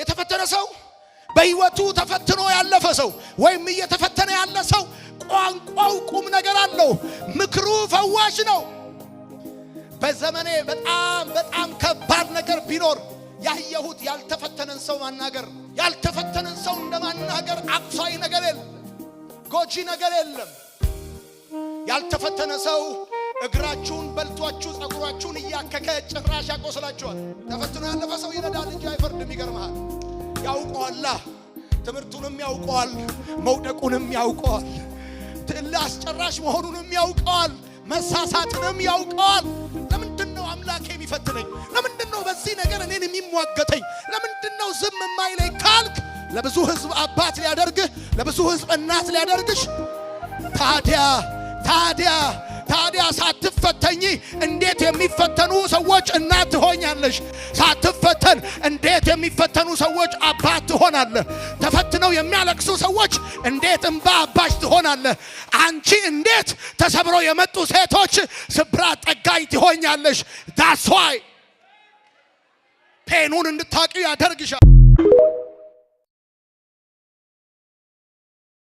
የተፈተነ ሰው በህይወቱ ተፈትኖ ያለፈ ሰው ወይም እየተፈተነ ያለ ሰው ቋንቋው ቁም ነገር አለው። ምክሩ ፈዋሽ ነው። በዘመኔ በጣም በጣም ከባድ ነገር ቢኖር ያየሁት ያልተፈተነን ሰው ማናገር፣ ያልተፈተነን ሰው ማናገር አቅፋይ ነገር የለም፣ ጎጂ ነገር የለም። ያልተፈተነ ሰው እግራችሁን በልቷችሁ ጸጉራችሁን እያከከ ጭራሽ ያቆስላችኋል። ተፈትኖ ያለፈ ሰው ይነዳል እንጂ አይፈርድም። ይገርመሃል። ያውቀዋላ፣ ትምህርቱንም ያውቀዋል፣ መውደቁንም ያውቀዋል፣ ትል አስጨራሽ መሆኑንም ያውቀዋል፣ መሳሳትንም ያውቀዋል። ለምንድን ነው አምላክ የሚፈትነኝ? ለምንድን ነው በዚህ ነገር እኔን የሚሟገተኝ? ለምንድን ነው ዝም የማይለኝ ካልክ ለብዙ ሕዝብ አባት ሊያደርግህ፣ ለብዙ ሕዝብ እናት ሊያደርግሽ ታዲያ ታዲያ ታዲያ ሳትፈተኝ እንዴት የሚፈተኑ ሰዎች እናት ትሆኛለሽ? ሳትፈተን እንዴት የሚፈተኑ ሰዎች አባት ትሆናለህ? ተፈትነው የሚያለቅሱ ሰዎች እንዴት እንባ አባሽ ትሆናለህ? አንቺ እንዴት ተሰብረው የመጡ ሴቶች ስብራት ጠጋኝ ትሆኛለሽ? ዳስዋይ ፔኑን እንድታቂ ያደርግሻል።